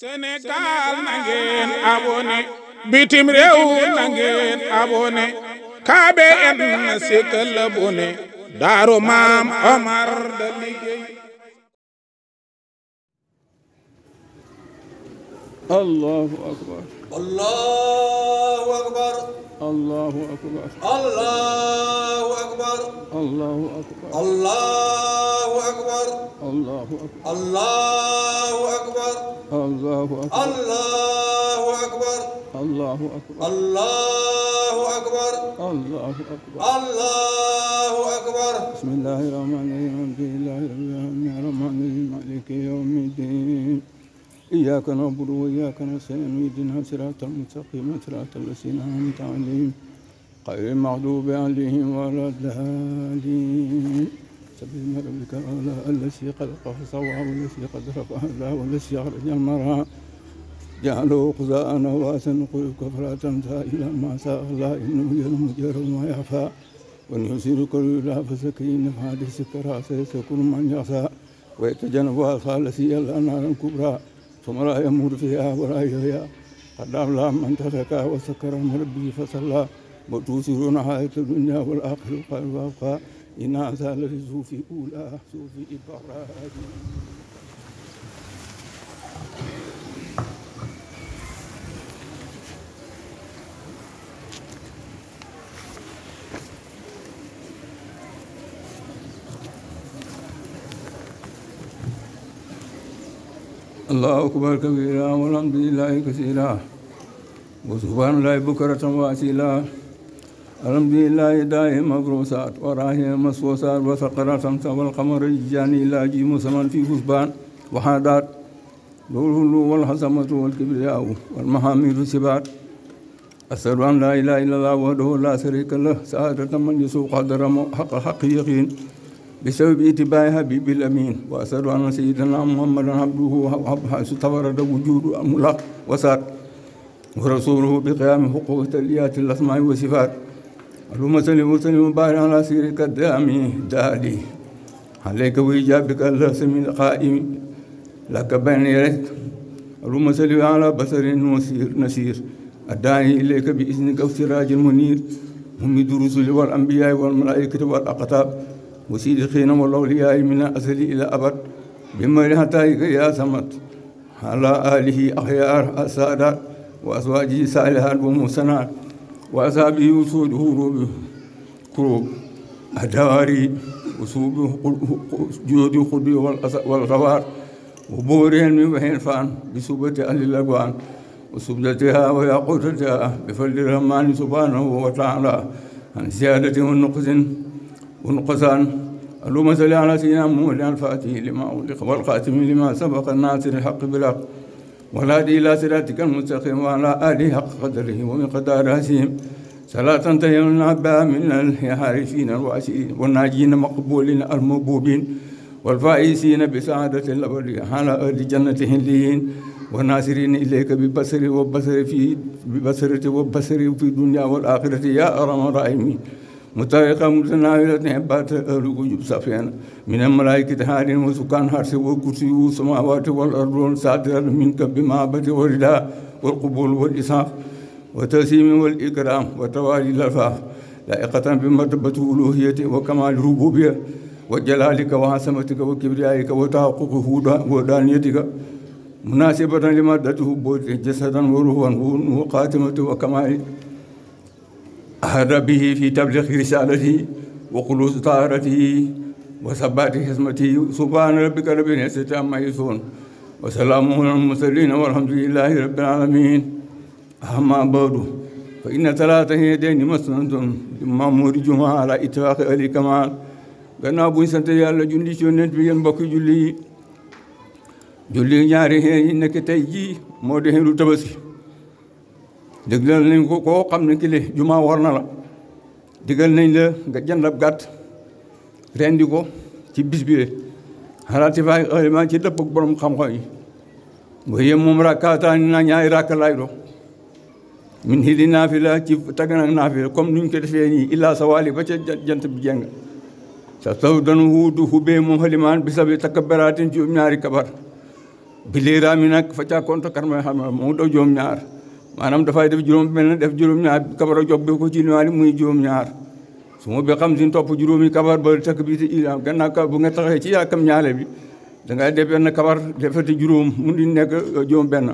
Sénégal na ngeen abonné bitim réew na ngeen abonné KBN si kël abonné daaru maam Omar da liggéey الله أكبر الله أكبر الله أكبر الله أكبر الله أكبر الله أكبر الله أكبر الله أكبر الله أكبر الله أكبر الله أكبر الله أكبر الله أكبر الله أكبر بسم الله الرحمن الرحيم الحمد لله رب العالمين الرحمن الرحيم مالك يوم الدين إياك نعبد وإياك نستعين اهدنا صراط المستقيم صراط الذين أنعمت عليهم غير المغضوب عليهم ولا الضالين سبحان ربك الأعلى الذي خلق فسوى والذي قدر فهدى والذي أخرج المرعى جعله قزاء نواسا نقول كفرة تنسى إلى ما ساء الله إنه ما جهر وما يخفى كل لله فزكي نفع ذكرى سيسكن من يخشى ويتجنبها الخالصية الأنهار الكبرى ثم لا يموت فيها ولا يحيا قد أفلح من تزكى وذكر ربه فصلى وتؤثرون حياة الدنيا والآخرة خير وأبقى إن هذا لفي الزوف أولى زوف إبراهيم الله أكبر كبيرا والحمد لله كثيرا وسبحان الله بكرة وأسيلا الحمد لله دائما مبروسات وراهي مسوسات وثقرات شمس والقمر الجاني لا جيم سمن في كثبان وحادات الهلو والحسمة والكبرياء والمحامد السبات أسر أن لا إله إلا الله وحده لا شريك له سعادة من يسوق قدر حق حق يقين بسبب اتباعها حبيب الأمين وأسأل أن سيدنا محمد عبده وحبها استورد وجود الملاك وسار ورسوله بقيام حقوق تليات الأسماء والصفات اللهم صل وسلم وبارك على سيرك الدامي دالي عليك وإجابك سمي القائم لك بين يديك اللهم صل على بصر وسير نسير الداعي إليك بإذنك وسراج منير هم الرسل والأنبياء والملائكة والأقطاب وصديقين والأولياء من أزل إلى أبد بما بمرحتك يا سمت على آله أخيار السادات وأزواجه صالحات ومحسنات وأصحابه وسود هروب كروب أداري وسوب جود خدي والغوار وبورين من بحين فان بسوبة أهل الأقوان وسبلتها وياقوتها بفضل الرحمن سبحانه وتعالى عن زيادة ونقص ونقصان اللهم صل على سيدنا محمد الفاتح لما أغلق والخاتم لما سبق الناصر الحق بالحق والهادي إلى صراطك المستقيم وعلى آله حق قدره ومقدار عزيم صلاة تهيمنا العباء من الحارفين الواسعين والناجين مقبولين المبوبين والفائزين بسعادة الأبدية على أهل جنته الليين والناصرين إليك ببصر وبصر في ببصرة وبصر في الدنيا والآخرة يا أرحم الراحمين متفقة متناولة عبات الركوج صفيان من الملائكة هارين وسكان حرس وكرسي والسماوات والأرض ساترا ما بدي والرداء والقبول والإصاف وتسيم والإكرام وتوالي الألفاظ لائقة بمرتبة ألوهيته وكمال ربوبية وجلالك وعصمتك وكبريائك وتحققه ودانيتك مناسبة لمادته بوجه جسدا وروحا وقاتمة وكمال أهر به في تبليغ رسالته وقلوس طهارته وثبات حزمته سبحان ربك رب العزة عما يصفون وسلام على المرسلين والحمد لله رب العالمين أما بعد فإن ثلاثة يدين مسند جمع مور على إتفاق أهل الكمال gannaaw buñ سنت يالا julli شونت yonent bi yéen mbokki julli yi julli ñaari xeer yi nekk tey jii digal nañ ko koo xam ne kili jumaa war na la digal nañ la nga jënd ab gàtt rendi ko ci bis bi xalaati faay xalima ci dëpp ak borom xam-xam yi bu yem moom rakkaataan na ñaari rakk laay do min hili naafila ci taggan ak naafila comme nuñ ko defee nii illaa sa waali ba ca jant bi jeng sa taw danu huudu hubee moom xalimaan bisa bi takka beraatin juróom ñaari kabar bi léeraami nag fa caa konto karma xam moom daw juróom ñaar maanaam dafay def juróom mel ne def juróom-ñaar kabar a job bi ko ci niwaani muy juróom-ñaar su ma bi xam sin topp juróomi kabar ba takk bi te ila gannaaw ka bu nga taxee ci yàkkam ñaale bi da ngay def benn kabar defati juróom mu di nekk uh, juróom benn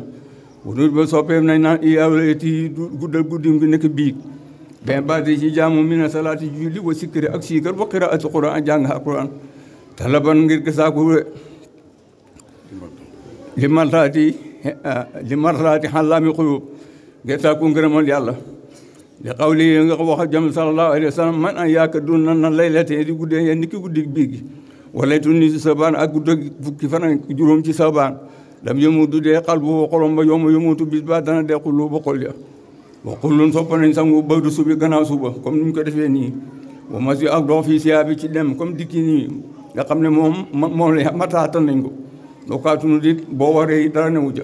wunut ba soppeem nañ naan iawlati guddal guddim gi nekk biig ben bati ci jaamu mi na salaati julli wa sikkiri ak sii wa qiraati quran jàng alquran talaban ngir kisaaku li martaati li ngay sàkku ngërëmal yàlla li xaw li nga wax jëm sallallahu alayhi wa sallam man an yaaka dun na nan laylate di guddee yeen ni ki guddi bii gi walay tun ni si sabaan ak guddëg fukki fan ak juróom ci sabaan lam yëmu du dee xal bu xolom ba yowma yëmutu bis ba dana dee xullu ba xol ya wa xullun sopp nañ sangu ba du subi gannaaw suba comme ni ñu ko defee nii wa masi ak dox fii siyaa bi ci dem comme dikki nii nga xam ne moom ma la mataatan nañ ko dookaatunu dit boo waree dara newu ja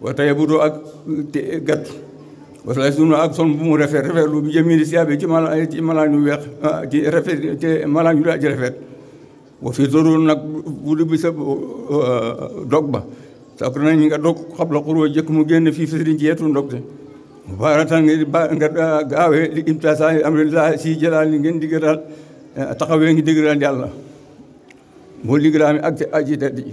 wataya bu doo ak gat wasalaay sunu ak son bu mu rafet rafet lu bi jëmini siyaabe ci mala ci malaan yu weex ah, rafet te malaan yu ci rafet wa fi doroon nag bu di bi sa ah, dog ba sàkk nañ nga dog xab la xuroo jëkk mu génn fii fisirin ci yetu ndog te baaratan nga gaawee li imtaasa amrillah si jëlaal li ngeen digëral ah, taxawee ngi digëral yàlla moo ligëraami ak te aji tedd ji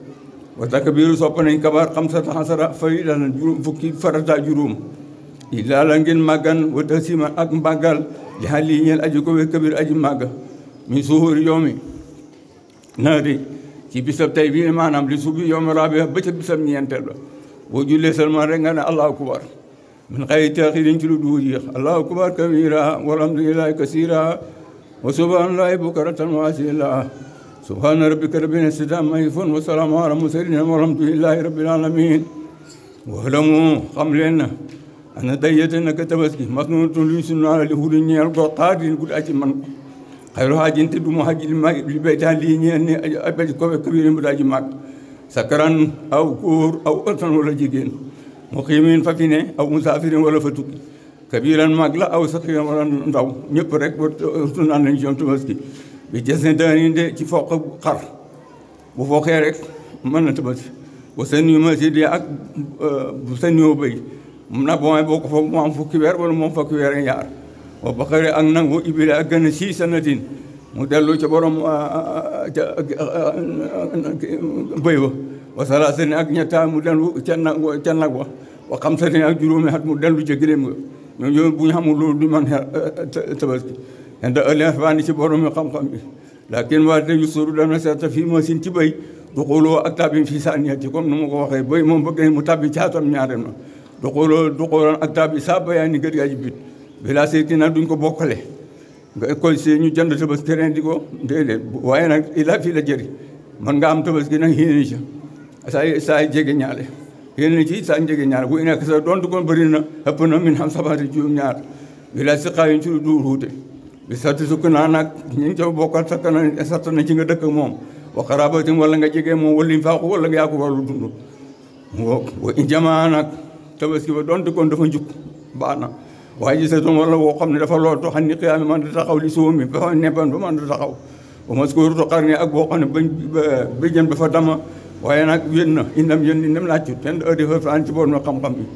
wa takbiiru sopp nañ kabaar xamsata xasara faridatan juróom fukki farata juróom illaa la ngeen màggan wa tasima ak mbàggal li xaal lii ñeel aji ko we kabir aji màgg mi suhuri yoomi naari ci bisab tey bii maanaam li subi yoomi raabi bisab ñeenteel la boo jullee seulement rek nga ne allahu kubar min xëy taaxirin ci lu duu yéex allahu kubar kabira walhamdulillahi kasira wa subhanallahi bukratan wa asila سبحان ربك رب العزة عما يصفون وسلام على المرسلين والحمد لله رب العالمين واعلموا خملنا أن ديتنا كتبت مصنونة ليسن على لهولني القطار يقول أجل من خير حاجة أنت دم حاجة لبيت لبيتها ليني أن أبد كوبي كبير مراجع معك سكران أو كور أو أطن ولا جيجين مقيمين ففينا أو مسافرين ولا فتوك كبيرا مقلا أو سخيرا ولا نداو نيب ريك برتنا نجيم تمسكي bi jas ne daaninde ci foq xar bu foqee rek mën na tëbët bu seen yu ma si dee ak bu seen yoo bëy mun naa boo may boo ko fa mu am fukki weer wala mu am fukki weer ak ñaar wa baqare ak nangu ibile ak gën a sii sanatin mu dellu ca borom bëy ba wa salaasani ak ñetta mu dellu ca nag ca nag wa wa xamsani ak juróomi at mu dellu ca gëléem nga ñoom bu ñu xamul loolu du man tëbaski inda ëllëg faani ci borom xam-xam yi laakin waa dañu suuru dana seeta fii moo sin ci béy duxuloo ak tabin fii saaniyati comme nu ma ko waxee béy moom bëgg mu tabbi caatam ñaareel ma duxuloo duxuloon ak tabbi saa bayaa ni gër yaa ji bit bila seeti nag duñ ko bokkale nga koy see ñu jënd tabaski terrain di ko déedéet waaye nag ila fii la jëri man nga am tabaski nag yéene ci saa saa jege ñaale yéene ci saa jege ñaale bu nekk sa doon du ko bëri xam sabaati juróom ñaar bila si bi sarti sukk naa nag ñu ngi ca bokkal sakk na ci nga dëkk moom wa xarabatim wala nga jege moom wala faaxu wala nga yaa ko warlu dund wa jamaa nag tabaski ba donte kon dafa njukk baax na waaye ji seetum wala woo xam ne dafa lool to xam ni xiyaami man da taxaw li suum mi ba neppan ba man da xar ne ak boo xam ne ba bëjjën ba fa dama waaye nag yén na indam yén indam laajcut ten da ëddi fa faan ci boor mi xam-xam bi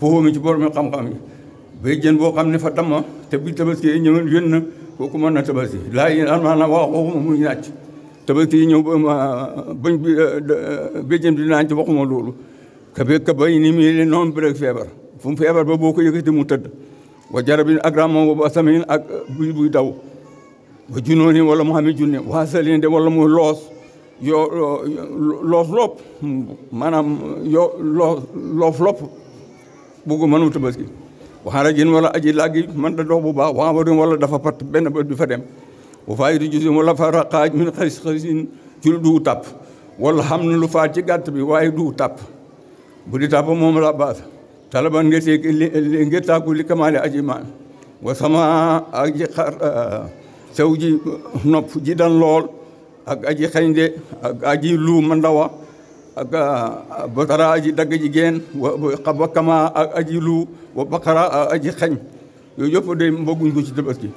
foofu ci boor mi xam-xam bi bëjjën boo xam ne fa dama te bi tabaski ñëwen yén na kooku mën na tabaski laa yi am naa wax waxuma muy naaj tabaski ñëw ba ma bañ bi béjjëm di naan ci waxuma loolu kabe kabay ni mi leen noon bi feebar fu mu feebar ba boo ko yëkkati mu tëdd wa jarabin ak ramoom ba samin ak buy buy daw ba junóoni wala mu xami junne waa salinde wala mu loos yo loof lopp maanaam yo loof lopp buggu mënu tabaski waxarajin wala aji laggi man da dox bu baax waxamadun wala dafa pat benn ba du fa dem wa fayitu jusin wala fara xaaj min xaris xarisin ci lu duu tàpp wala xam na lu faat ci gàtt bi waaye duu tàpp bu di tàpp moom la baas talaban ngertee ngir li kamaale aji maan wa sama ak ji eh, sew ji nopp ji dan lool ak aji xañde ak aji luu ma ak ah, batara aji dagg jigéen wa kama aji lu wa baqara aji xañ yooyu yëpp day mbooguñ ko ci tabaski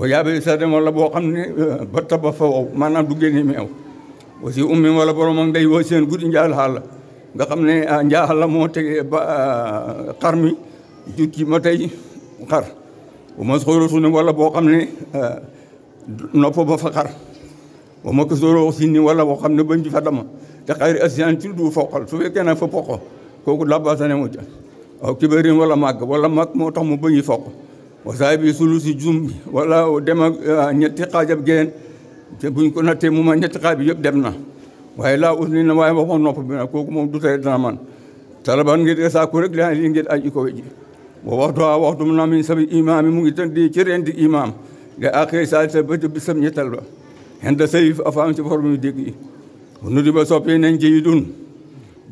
wa yaabe sadem wala boo xam ne ah, ba taba fa wow maanaam du génne meew aussi ummi wala borom ak day woo seen guddi njaal xaal la nga xam ne ah, njaal la moo tegee ba mi jukki ma tey xar wa mas xoolatu ne wala boo xam ne nopp ba fa وما كسورو سيني ولا وخم نبن فدما تخير أسيان تلدو فوقل سوفي كان فوقه كوكو لاباساني موجه aw kibarin wala mag wala mag moo tax mu bañu fokk wasaay bi sulu si jum bi wala dem ak ñetti xaajab geneen te buñ ko nattee mu ma ñetti xaaj bi yëpp dem na waaye laa us ni na waaye waxuma nopp bi nag kooku moom du tey dana man talaban ngir saaku rek li li ngir aji ko ji wa waxtu waa waxtu mu naa min sabi imaam yi mu ngi tënd di ci rendi imaam de akhir saa sa ba bi sam ñettal ba henda tawi a famti hormi deggi honnudiɓe soppe nan jeeyi ɗum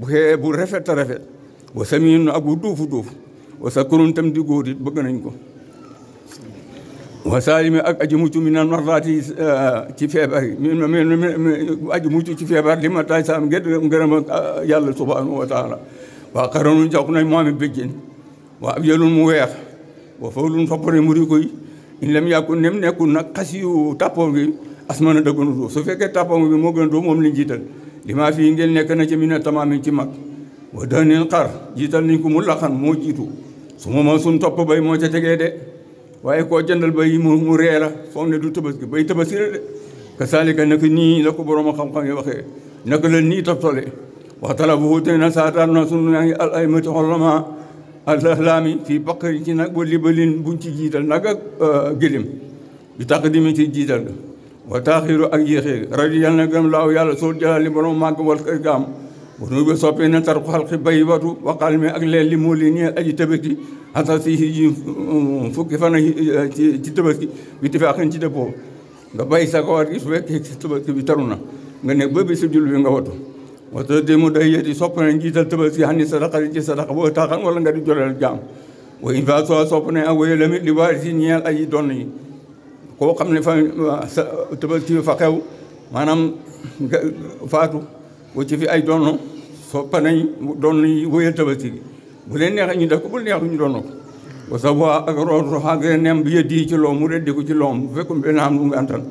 he bo refetta refet o samin agu duufu duufu o sakkurun tamdi gooti bëgganañ ko wa salimi ak aji muccu minan marrati ci feebar aji muccu ci feebar lima tay sam ged ngërëm yàlla subhanahu wa taala wa qaranu jox nañ moomi bëjjin wa abjalun mu weex wa fawlun toppane muri koy in lam yakun nem nekkul nag xasiyu tàppoo gi asman a dëgganu su fekkee tàppam bi moo gën a dóob moom lañ jiital li ngeen nekk na ci mi ne tamaamin ci mag wa daaneel xar jiital nañ ko mu laxan moo jiitu su ma ma suñ topp bay moo ca tegee de waaye koo jëndal bay mu mu ree la foog ne du tabaski bay tabaski la de ka saalika nag nii la ko borom xam-xam yi waxee naka la nii toptale waxtala bu sunu al ay mati xollama alahlaami fii baqari ci nag ba libalin buñ ci jiital nag ak euh, bi ci وتاخير اك يخي رجي يالنا گم لاو يالا سول جلال برو ماك ولكر گام ونو بي سوبي نتر خلق بي واتو وقال مي اك لي مولي ني اي تبيتي حتى سي فوكي فانا تي تبيتي بي تفاخ ني ديبو دا باي ساكوار كي سوي كي تبكي بي ترونا ngene bebe su julbe nga wato wato demu day yati sopane ngital tebal ci hanni sadaqa ci sadaqa bo taxan wala nga di jorel jam wo invaso sopane awoy lamit di war ci ñeal koo xam ne fa sa tabaski fa xew maanaam faatu wa ci fi ay donno soppa nañ doon nañ wëyal tabaski gi bu leen neexee ñu def ko bu leen neexee ñu doon ko wa sa waa ak roxaa gre neem bi yëddi ci loom mu reddi ko ci loom bu fekkum benn am lu ngantan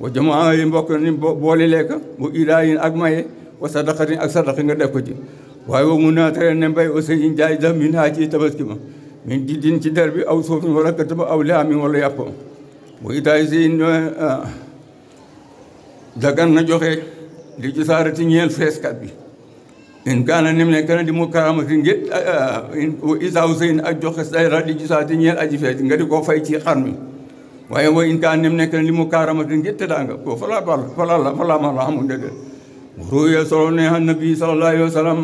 wa jamaa yi mbokk ni boole lekk wa idaa yin ak maye wa sadaqatin ak sadaqa nga def ko ci waaye wa mun naa tere ne mbay aussi in jaay da min haa ci tabaski ma min diddin ci der bi aw suufin wala kataba aw laamin wala yàppam muy taay si dagan na joxe li ci saarati ñeel feeskat bi in kaana nim ne kana di mu karamati ngit wa isa husein ak joxe sayra li ci saarati ñeel aji fees nga di ko fay ci xar mi waaye wa in kaana nim ne kana li mu karamati ngit te daa nga ko fala bal fala la fala ma la xamu ndëgg ruya solo ne han nabi sallallahu alayhi wa sallam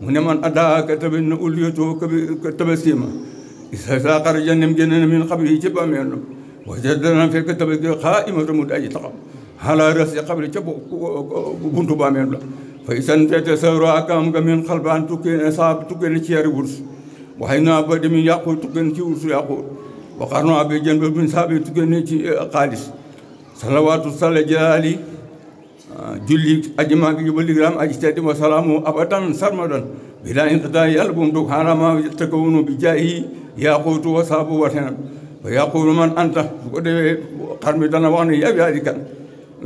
mu ne man adaa ka tabi na uliyatu ka tabi siima isa saa xaraja nim génne na min xabri ci bàmmeelu وجدنا في الكتاب قائمة رمود أي تقع على رأسي قبل جب بنتو بامين لا فإذا تتسارع كام من خلبان تكين صاب تكين شير ورس وحين أبد من يقول تكين ورس يقول وقرنا جنب من صاب تكين قادس صلوات الصلاة جلالي julli ajima gi jubali gram aji tadi wa salamu abadan sarmadan bila inqida yalbum du harama takawunu bi jahi fa yaqulu man anta su ko defee xar mi dana wax ne yow yaa di kan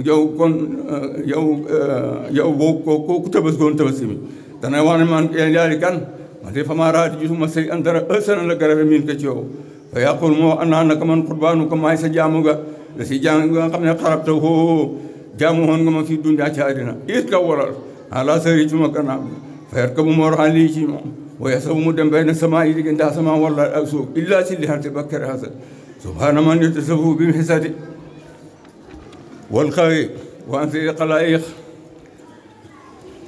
yow kon eh, yow eh, yow boo ko kooku tëbës goon tëbës mi dana wax ne man yaa di kan man de fama raati gisuma sey an dara ësana la garafe min ko ci yow fa yaqul moo ana naka man qurbaanu ko maay sa jaamu ga la si jaamu nga xam ne xarabta hoo jaamu woon nga ma fii dundaa ci àddina it ka waral ala sëri ci ma فيركب مور مرهان ليجي ويسوم مدن بين السماء عند السماء والله أسو إلا سلي بكر هذا سبحان من يتصفه بمحسد والخير وأن في قلائق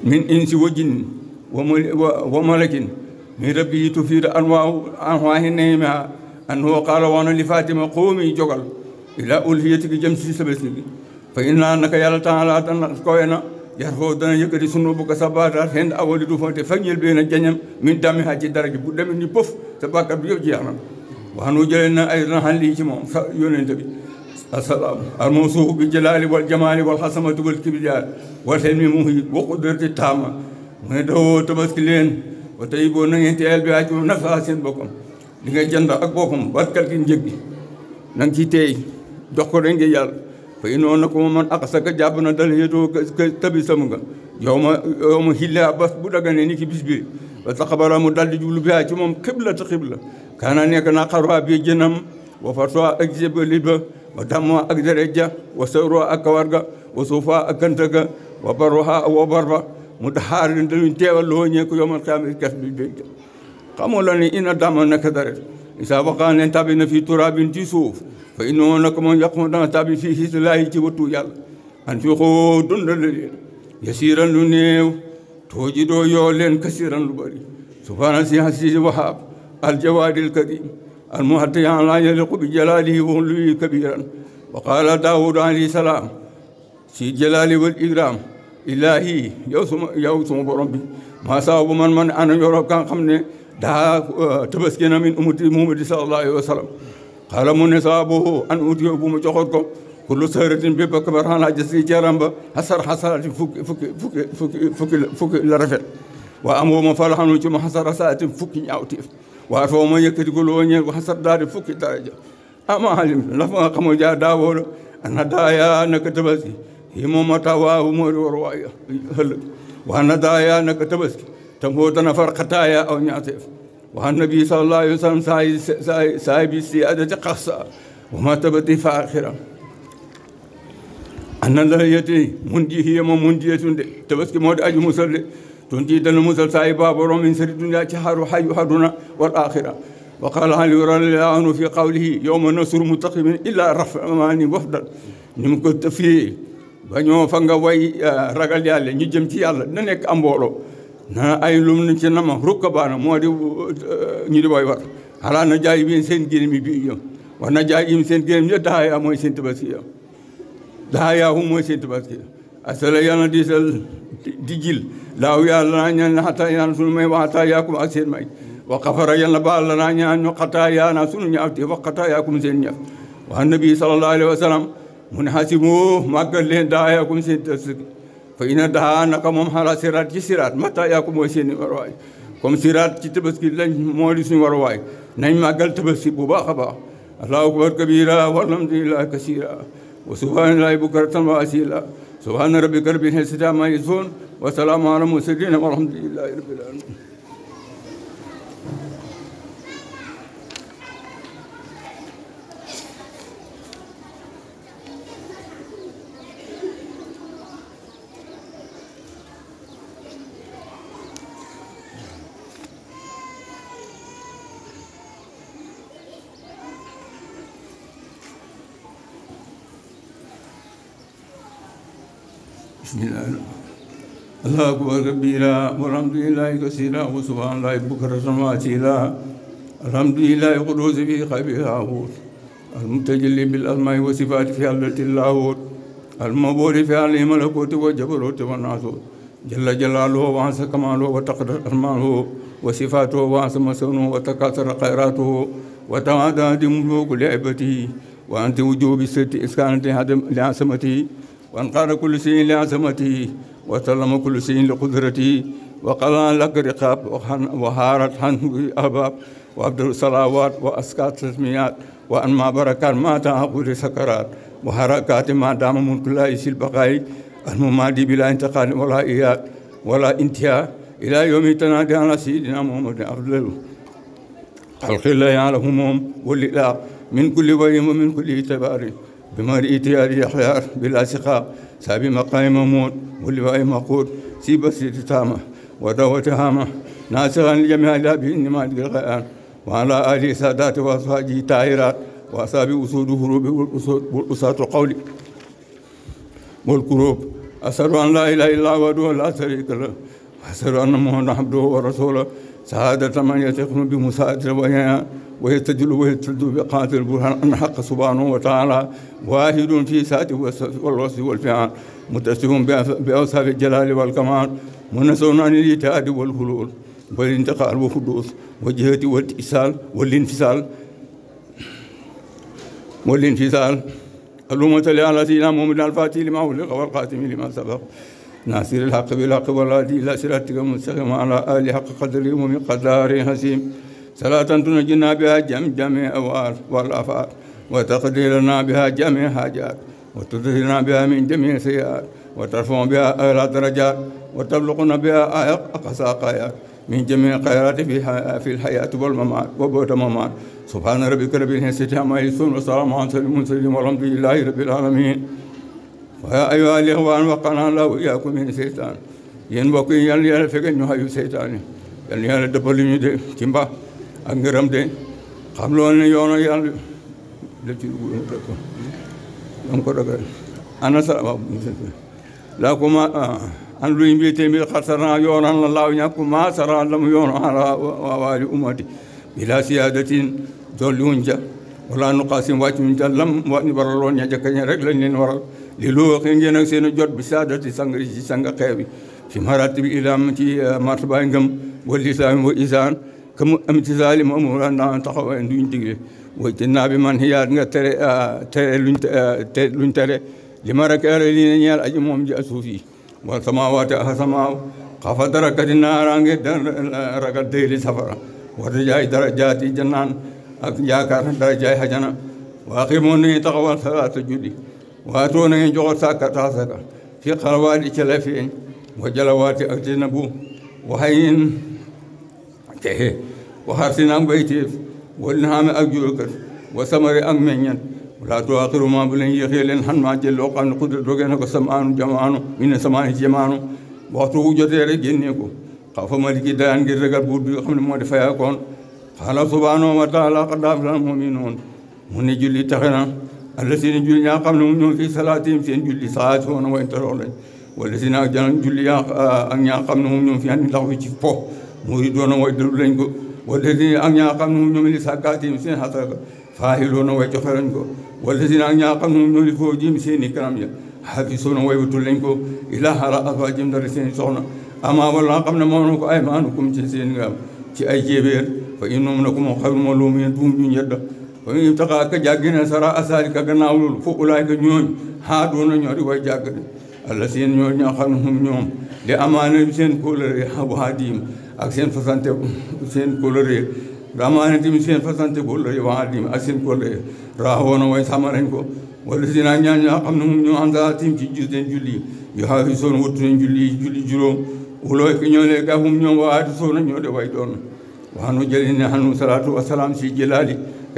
من إنس وجن وملك من ربي تفير أنواع أنواع النعمة أنه قال وأنا لفاتمة قومي جغل إلى ألهيتك جمسي سبسني فإن أنك يالتان لا تنسكوينا yar fo dana yëkkati sunu bu ko sa baataat hen awali du fonte fak ñel bee na jañam min dammi haa ci daraji bu damit ni pof sa bàkkat bi yëpp jeex na waxanu jëlee na ay dana xan lii ci moom sa yonente bi asalaam ar moom suufu bi jalaali wal jamaali wal xasamatu wal kibriyaar wal xel mi mu yi wa qudrati taama mu ne dawoo tabaski leen wa tey boo na ngeen teyal bi aaj moom seen boppam li nga jënd ak boppam barkat ki njëg gi na nga ciy teey jox ko rek nga yàlla فإنكم من أقصى جابنا دلهيتو تبسمغا يوم يوم هلا بس بدغني نيكي بسبي وتخبر مدل جول بها تمم قبلة قبلة كان نيكنا قروا بي جنم وفتوى أجزب لبا ودموا أجدرجا وسروا أكوارغا وسوفا أكنتغا وبرها وبرها مدحار دلين تيولو نيكو يوم القيامة كسب بيت قاموا لنا إن دمنا كدرت إذا بقى ننتبه في تراب تسوف fa innoo naka moom yàqu danga tàbbi fii hislaayi ci wattu yàlla an fi xoo dundal leen yasiiran lu tooji doo yoo leen kasiiran bari subhaana si hasiisi wahaab aljawaadil kariim al muhatti an laa yaliqu bi jalaalihi wa uluwwihi kabiiran wa qaala daawudu alayhi salaam si jalaali wal ikraam ilaahi yow suma yow suma borom bi maa saabu man man ana yoroo kan xam ne daa uh, tabaski min ummati muhammadi sallallahu alayhi قال من نصابه أن أجيب مجخدكم كل سهرة ببك برهان جسي جرمب حسر حسر فك فك فك فك فك فك فك لرفل وأمو من فلح نجم حسر ساعة فك يعوتيف وعرفوا من يكت قلوني وحسر دار فك درجة أما علم لما قم جاء داول أن دايا نكتبسي هم متوا مور رواية هل وأن دايا نكتبسي تموت نفر قتايا أو نعتيف والنبي صلى الله عليه وسلم صاحب السيادة قصة وما تبدي فآخرة أن الله يتي منجيه يما منجيه تندي تبسك مود أجو مسل تنتي دن مسل صاحبا برو من سر الدنيا شهر حي حدنا والآخرة وقال هل يرى الله في قوله يوم نصر متقم إلا رفع ماني وفدا نمكت فيه ba ñoo fa nga way ragal yàlla ñu jëm ci yàlla na nekk na ay lum nu ci nama rukka baana moo di eh, ñu di way war ala na jaay bi seen génn mi bi yam war na jaay im seen génn ya daaya mooy seen tabaski ya daaya hu mooy seen tabaski asala yàlla di sal di jil laaw yàlla naa na xataa yaan sunu may wa xataa yaakum ak seen may wa xafara yàlla baal la naa ñaan ñu xataa yaana sunu ñaawte wa xataa yaakum seen ñaaf wa nabi sallallahu alayhi wa sallam mu ne xasimu màggal leen da kum seen tabaski فإن دهانك مم على سرات جسرات متى ياكم وسيني ورواي كم سرات تبسك لن مولس ورواي نعم أقل تبسك بباخبا الله أكبر كبيرا والحمد لله كثيرا وسبحان الله بكرة وأسيلا سبحان ربك رب العزة عما يصفون وسلام على المرسلين والحمد لله رب العالمين بسم الله الله أكبر كبيرا والحمد لله كثيرا وسبحان الله بكرة وأصيلا الحمد لله قدوس في خيب اللاهوت المتجلي بالأسماء والصفات في علة اللاهوت المبور في عليه ملكوت وجبروت والناسوت جل جلاله وعنس كماله وتقدر أرماله وصفاته وعنس مسونه وتكاثر خيراته وتعادى دمه لعبته وأنت وجوب ست إسكانة لعاصمته وانقاد كل شيء لعظمته وسلم كل شيء لقدرته وقضى لك رقاب وهارت عنه الأباب وأبدل الصلوات وأسكى التسميات وأنما بركات ما تعقل سكرات وحركات ما دام من كل شيء البقاي الممادي بلا انتقال ولا إياد ولا انتهاء إلى يوم تنادي على سيدنا محمد أفضل خلق الله يعلمهم والإله من كل وجه ومن كل تبارك بمرئي تياري الأحيار بلا سقاء سابي مقاي ممون واللواء مقود سيب تتامة ودوة هامة ناسغا لجميع الأبي إنما الغيان وعلى آلي سادات وأصحابه تاهرات وأصحاب أسود هروب والأسات القول والكروب أسأل أن لا إله إلا الله وحده لا شريك له وأسأل أن محمد عبده ورسوله سعادة من يتقن بمساعدة الوهي ويتجل ويتلد بقاتل برهان أن حق سبحانه وتعالى واحد في ساته والوصف والفعال متسم بأوصاف الجلال والكمال منسون عن الإتعاد والخلول والانتقال والحدوث والجهة والاتصال والانفصال والانفصال اللهم صل على سيدنا محمد الفاتح لما أغلق والقاتم لما سبق ناصر الحق بالحق والهادي إلى صراطك المستقيم وعلى ال حق قدره ومقداره هزيم صلاة تنجينا بها جم جميع أوار والافار وتقديرنا بها جميع حاجات وتدهرنا بها من جميع سيئات وترفع بها أعلى درجات وتبلغنا بها أقصى قايات من جميع الخيرات في في الحياة والممات وبوت الممات سبحان ربك رب العزة عما يصفون وسلام على المرسلين والحمد لله رب العالمين ويا أيها الإخوان وقنا الله وإياكم من الشيطان yéen mbokk yi yal na yàlla fekkee ñu xayu seytaane yal na yàlla dëppal ñu de ci mba ak ngërëm de xam lool ne yoonu yàlla la ci dugg ñu dëkk donc ko dagal ana sa wa la ko ma an luy mbi te mbi xarsana yoonan la laaw ñàkk ma sara la mu yoonu ala waali umati bila siyadatin dolliwuñ ja wala nuqasim wàcc ñu ja lam wa ñu waraloon ña jëkk ña rek lañ leen waral li lu waxee ngeen ak seen jot bi saadati sang ci sang xeebi fi marat bi ilam ci martabaay ngëm wal islam wa isaan kam am ci zalim amura na taxawaay duñ digle way ci naa bi man hiyaat nga tere tere luñ te luñ tere li ma rek ara li ne ñeel aji moom ji asuuf yi wal samawaati ah samaaw xafa darakati naaraange dan ragal dayli safara wata jaay darajaati jannaan ak yaakaar darajaay xajana waa ximoon nañu taxawal salaata julli واتونا ينجو ساكا تاسكا في قروات شلفين وجلوات أجنبو وهين كه ام بيتيف والنهام أجولك وسمر أمين ولا تواخر ما بلن يخيل حن ما جل وقن قدر دوغن قسمان جمان من سمان جمان واتو جدير جنيكو قف ملك دان غير بود خمن مود فيا كون قال سبحانه وتعالى قد المؤمنون من جلي تخنا الذين جل يا قبل من في صلاتهم في جل صلاتهم هون وين ترون والذين جل جل آه، ان يا قبل من في ان لغو تي فو مريدون ويدل لنجو والذين ان يا قبل من في سكاتهم سين حتى فاهلون ويتخرنجو والذين ان يا قبل من في فوجهم في كرام يا حفظون ويبتل لنجو الى هرا افاجم درسين سونا اما والله قبل ما أيمانكم جنسين في أي جبير فانهم لكم خير ملومين دون يدا wa ñu taxaa ka jàggi sara asaali ka gannaaw loolu fo ulaay ka ñooñ xaaduuna ñoo di way jàgg alla seen ñoo ñaa xam hum ñoom li amaana bi seen kóolëree xabu haadiim ak seen fasante seen kóolëree amaana tamit seen fasante kóolëree wa ko wala si naa ñaan ñaa xam ne hum ñoom an saa tiim ci gis den julli ñoo lee gaa hum ñoom wa aati soona ñoo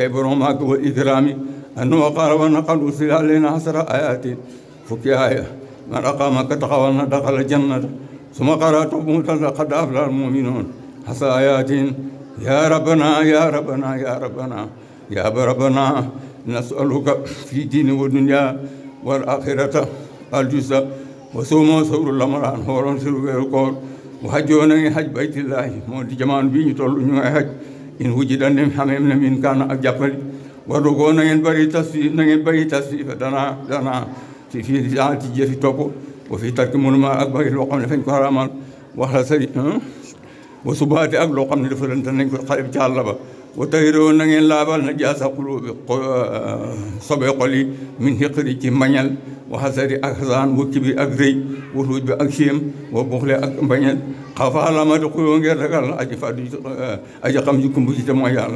كبرهمك والإكرام أنه قال ونقل أرسل علينا عشر آيات فكها آية. من أقام تقوى دخل الجنة ثم قرأت قد أفلى المؤمنون حسر آيات يا ربنا يا ربنا يا ربنا يا ربنا نسألك في دين والدنيا والآخرة الجزء وسوما سور الأمران هورون سور الكور وحجوني حج بيت الله مولد جمان بي تولو حج in wujudan dem xamee na min kaana ak jàppali waru ko na bari tas fi na ngeen bari tas fi dana dana fi fi dana ci jëfi topp wa fi takk mënuma ak bari loo xam ne fañ ko xaraamal wax la sëriñ وثباتي أقلو قمن الفلن تنينك القريب جالبا وتهيرون نغين لابال نجاس قلوب آه، صبيق لي من هقري كمانيال وحسري أخزان وكبي أقري وروج بأكشيم وبخلي أكمانيال خافا لما دقيون غير رقال أجي فادي آه، أجي قمجي كمبوشي تمويال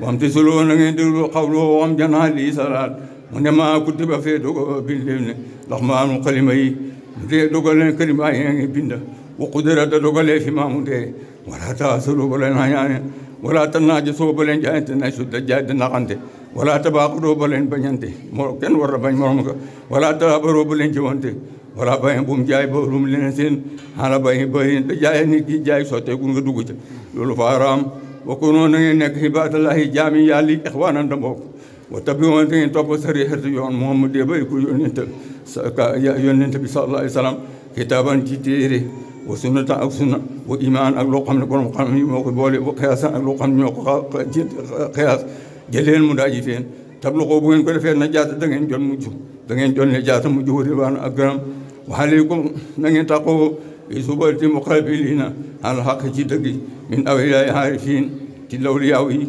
وامتي سلون نغين دلو قولو وام جنالي سرات ونما كتب في دوغو بالليل لخمان قلمي دوغو لين كلمة يعني بنده وقدرة دوغو لي ولا تاسلوا بلين هياني ولا تناجسوا بلين جانت نشد جايت نغنتي ولا تباقروا بلين بنينتي مركن ور بين مرمك ولا تابروا بلين جوانتي ولا بين بوم جاي بوم لنسين على بين بين جاي نيكي جاي صوتي كون دوجت لولو فارام وكونوا نك هبات الله جامي يالي اخوانا دموك وتبيون تين توب سري حرت يون محمد يبي كو يونت يونت بي صلى الله عليه وسلم كتابا جتيري وسنة ak sunna wa imaan ak loo xam ne borom xam yi moo ko boole wa xiyaasaan ak loo xam ne ñoo ko xiyaas jëleen mu daaji feen tablu ko bu ngeen ko defee na jaata da ngeen jot mujj da ngeen jot ne jaata mujj wa riwaan ak gërëm وعليكم نغن تقو يسوبت مقابلين على حق جدك من أولياء عارفين تلولياوي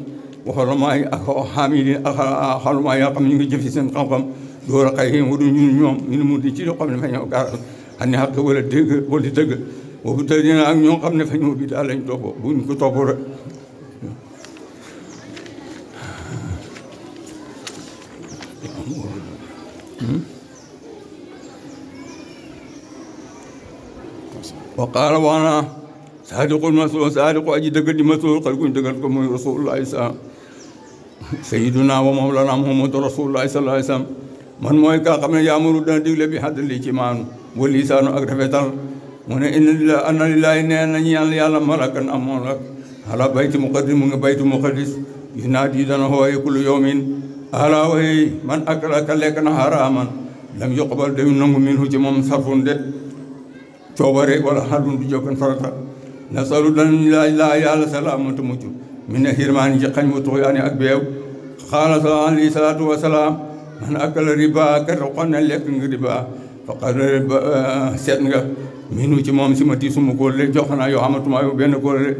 وحرماي أخو حاملين أخر حرماي أقم من جفسين قمقم دور قيهم ودن يوم من مدتي قبل ما يوقع أن حق ولا دق ولا دق boobu tey dina ak ñoo xam ne fa ñoo bi daal lañ topp buñ ko topp rek waqaala wax naa saadiqul masuul saadiqu aji dëggal di masuul xar kuñ dëggal ko muy rasulullahi sa sayiduna wa mawlana muhammadu rasulullahi sallallahu man mooy kaa xam ne yaamuru dana digle bi xadd lii ci maanu wa liisaanu ak mu ne inna ana lillaahi nee na ñeel yàlla malakan amoon ak ala bayti muqaddis mu ngi bayti muqaddis yu naa di dana hooye kullu yawmin ala waye man akala ka lekk na haraman lam yuqbal dañu nangu minhu ci moom sarfun de coobare wala xadun du jokkan farata nasalu dañu laaj laa yàlla salaamatu mucc min ne xirmaani ci xañ wa tuxyaani ak beew xaala sa alayhi salaatu wa salaam man akala riba ka roqon ne lekk nga riba faqad nga minu ci moom si ma tii suma kóllëre jox naa yow amatuma yow benn kóllëre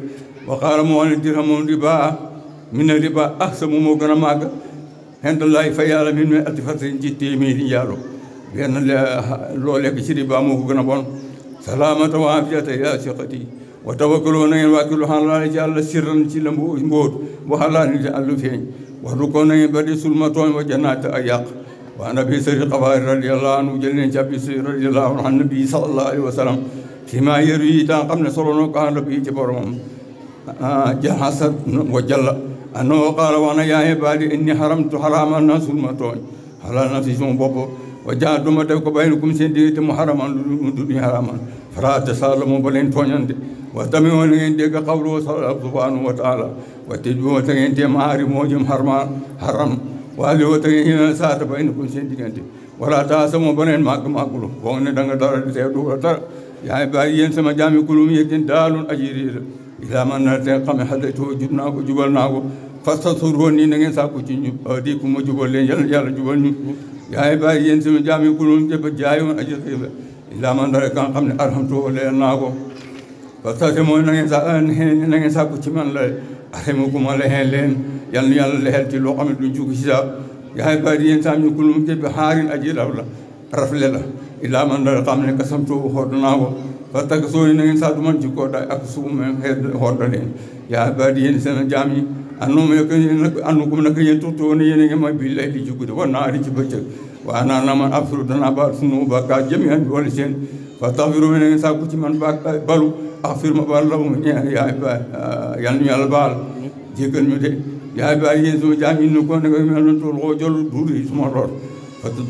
waxaara moo ne dirhamu riba mi ne riba ah sama moo gën a màgg xendalaay fa yàlla min me ati fas ci téeméeri njaaloo benn loo lekk ci riba moo ko gën a bon salaamata wa afiyata yaa siqati wa tawakkalu na ngeen wàkkilu xalaale ci àlla sirran ci la mbóot bu xalaal ni àllu feeñ wax du ko na ngeen bari sulma tooñ wa jannaat ak yàq وعن ابي سيد القبائل رضي الله عنه جل جابي سيد رضي الله عنه عن النبي صلى الله عليه وسلم فيما يروي تان قمنا صلونا كان ربي جبرهم آه، جل حسد وجل أنه قال وأنا يا عبادي إني حرمت حرام الناس المتون حلال نفسي سون بوبو وجاء دمتك بينكم سنديت محرما دوني حراما فلا تسالموا بلين تونيان وتميوا لين ديك قوله صلى الله عليه وتعالى وتجبوا تين تي ماري موجم حرما حرم waajoo te ina saata ba indi kun seen diggante wala taa sama baneen màgg màggulu foog ne da nga dara di tee duura dara yaa ngi bàyyi yéen sama jami kulum yëggin daalun ajiri la ilaa man na te xame xadaytoo jub naa ko jubal naa ko fasta suroo nii na ngeen sàkku ci ñu di ku ma jubal leen yàlla jubal ñu yaa ngi bàyyi yéen sama jaami kulum jëpp jaayoon aji xiif la ilaa man dara kan xam ne arhamtoo leen naa fasta se mooy na ngeen sàkku ci man la a lehen leen yal na yàlla lehel ci loo xam ne duñ ci hisaab yaa ibaadi yéen tam ñu kulum ke bi haarin aji raw la rafle la illaa man dara xam ne kasam toobu hoodonaa ko par tak sooyi na ngeen saa duman jikkoo day ak suumen heed hooddo leen yaa annome ko annukum nako yen tottooni yene nge ma billay di jugude wonna ari ci bëccëg wana naman afru dana ba sunu bakka jami an wala seen fa tafiru men sa ku man ba balu afir ma bal law ya ba yal ñu a baal jégal ñu de ya ba yeso jami nu ko ne mel non to lo jol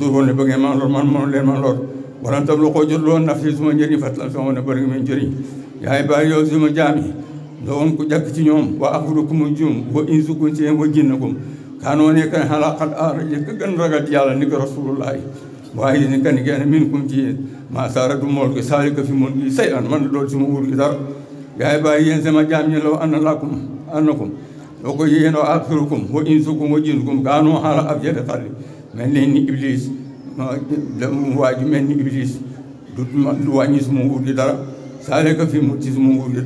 woni bëgg ma lor man a leen ma lor wala tam lo ko jol lo nafsi nde on ko ƴakki tiñoom wa akhrukum jum wo insukunti en wo jinnakum kanone kan hala kad araje ka gandragal yalla ni ko rasulullahi wahidini kani gene min kumti en ma sara du molko sali ko fi mon ɗi sey an manda ɗo simo wuurki dara gay ba yen sema jamñilaw annalakum annakum ɗo ko yeno akhrukum wo insukum wo jinnukum kano hala abjede kalli men lenni iblis ɗum ni iblis du wañi sumo wuurki dara sali ko fi mutti sumo wuurki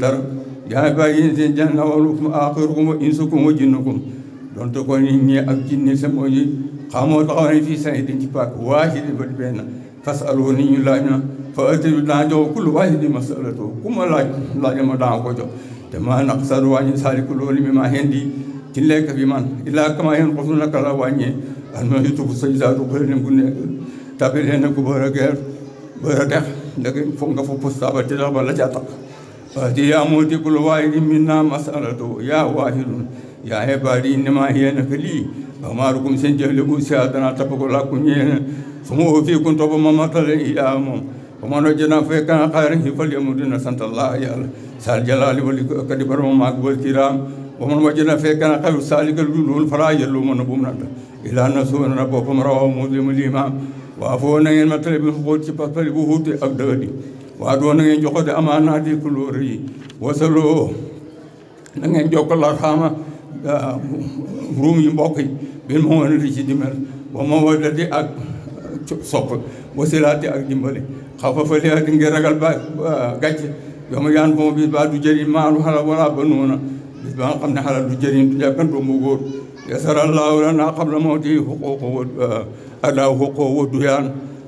yaa bàyyi janna walukum aaxirukum wa insukum wa jinnukum donte ko ni ñi ak jinne sa mooy xamoo taxaw ne fii say dañ ci pàkk waahid ba di benn fas aloo ni ñu laaj na fa ëttibi ma laaj laaj ma daan ko jox te maa naqsar wàññi saaliku loolu mi maa hendi ci lekk bi man illaa kama hen xosu naka la wàññee an ma yutubu sa isaatu xëy na bu nekk tabiree na ku bëra geer bëra dex ndax nga fa pos taba te tax ba la فاهدي يا موتي كل واحد منا مسألته يا واحد يا عبادي إنما هي نكلي فماركم سنجه لكم سيادنا تبقوا لكم يهنا سموه فيكم طب مما تغي يا أمم ومن فيكنا خيره فليمدنا سنت الله يا الله سال جلال والكبر ومعقبل الكرام ومن وجدنا فيكنا خير سالك الجنون فلا يلو من إلى أن سونا ربكم رواه مسلم الإمام وعفونا إن مطلب الحقوق فطلبوه أقدر وأدوني جوكا أمانة دي كلوري وسلو نجي جوكا لا حما رومي بوكي بن مون ريشي ديمال وما ولدي أك صوب وسيلاتي أك ديمالي خاف فلي أك نجي راجل با غاتي يوم يان بو بي بادو جري مالو هلا ولا بنونا بس بان قمنا هلا دو جري نجاكن رومو يسر الله لنا قبل موتي حقوق ألا حقوق ديان يعني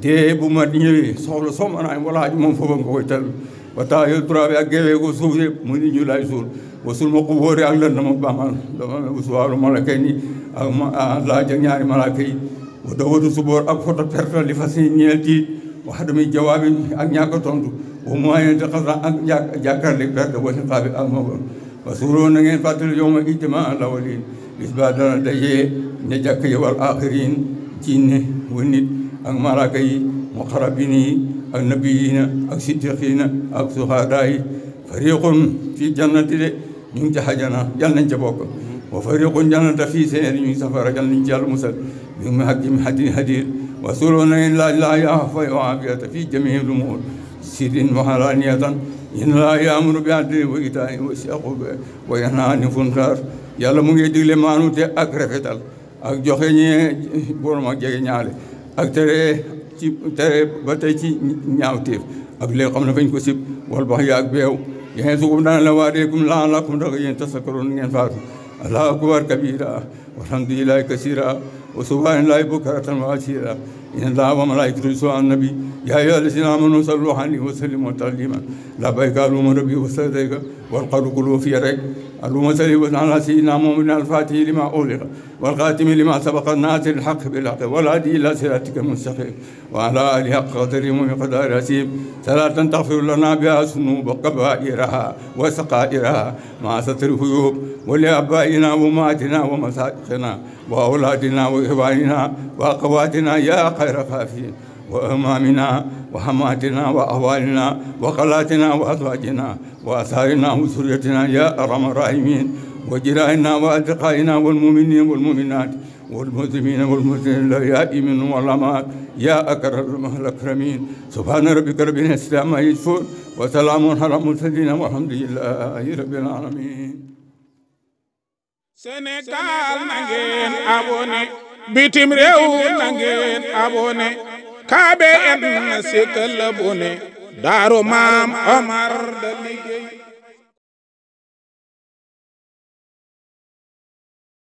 te bu ma ñëwee soxla soo mën a wala moom foofa nga koy tal ba taa yow turaabe ak géwee ko suuf mu ni ñu lay suul wasul ma a wóoree ak lan dama baamal dama ne usuwaalu malaka ni ak ma ah, laaj ak ñaari malaka yi wa dawatu suboor ak foto perte li fas ñeel tiit wax damay jawaabi ak ñàkk tontu au moyen de xasa ak jàkkaarle perte wasi xaabi ak ma wa suuroo na ngeen fàttali yow ma ijtimaa al awwaliin bis ba dana dajee ña jàkk yi wal aaxiriin jinne wa nit ak malaaka yi muqarabin yi ak nabiyiina ak siddiqiina ak suhadaa yi fariqun fi jannati de ñu ngi ca xajana yal nañ ca bokk wa fariqun jannata fii seer ñu ngi safara yal nañ ci yàlla musal min muhakkim hadi hadir wa suluna illa la yaafa wa afiyata fi jamii lumuur sirin wa halaniyatan in la yaamuru bi adli wa itaa wa saqu wa yanaa ni funtaar yàlla mu ngi digle maanute ak rafetal ak joxe ñee borom ak jege ñaale ak tere ci tere ba tey ci ñaawteef ak léegi xam ne fañ ko sib wal bax ya ak beew yéen sugum dana la waareekum laan la kum daga yéen tasakaroon ngeen faatu allahu akbar kabira walhamdulillahi kasira wa subhanallahi bukratan wa asira إن الله وملائكته يصلون على النبي يا أيها الذين آمنوا صلوا عليه وسلموا تسليما لبيك اللهم ربي وسعديك والقول كله في يديك اللهم صل على سيدنا مؤمن الفاتح لما أغلق والخاتم لما سبق الناصر الحق بالحق والهدي إلى صراطك المستقيم وعلى آله حق قدره ومقدار أسيم صلاة تغفر لنا بها ذنوب قبائرها وسقائرها مع ستر الهيوب ولآبائنا وماتنا ومساقنا وأولادنا وإخواننا وأخواتنا يا رفافين وأمامنا وحماتنا وأهوالنا وقلاتنا وأزواجنا وأثارنا وسريتنا يا أرحم الراحمين وجيراننا وأصدقائنا والمؤمنين والمؤمنات والمسلمين والمسلمين اليائمين والأمات يا أكرم الأكرمين سبحان ربك رب العزة يشفون وسلام على المرسلين والحمد لله رب العالمين سنغال نغين أبوني bitim réew na ngeen abonné KBN Sikkal la bone daaru maam Omar da liggéey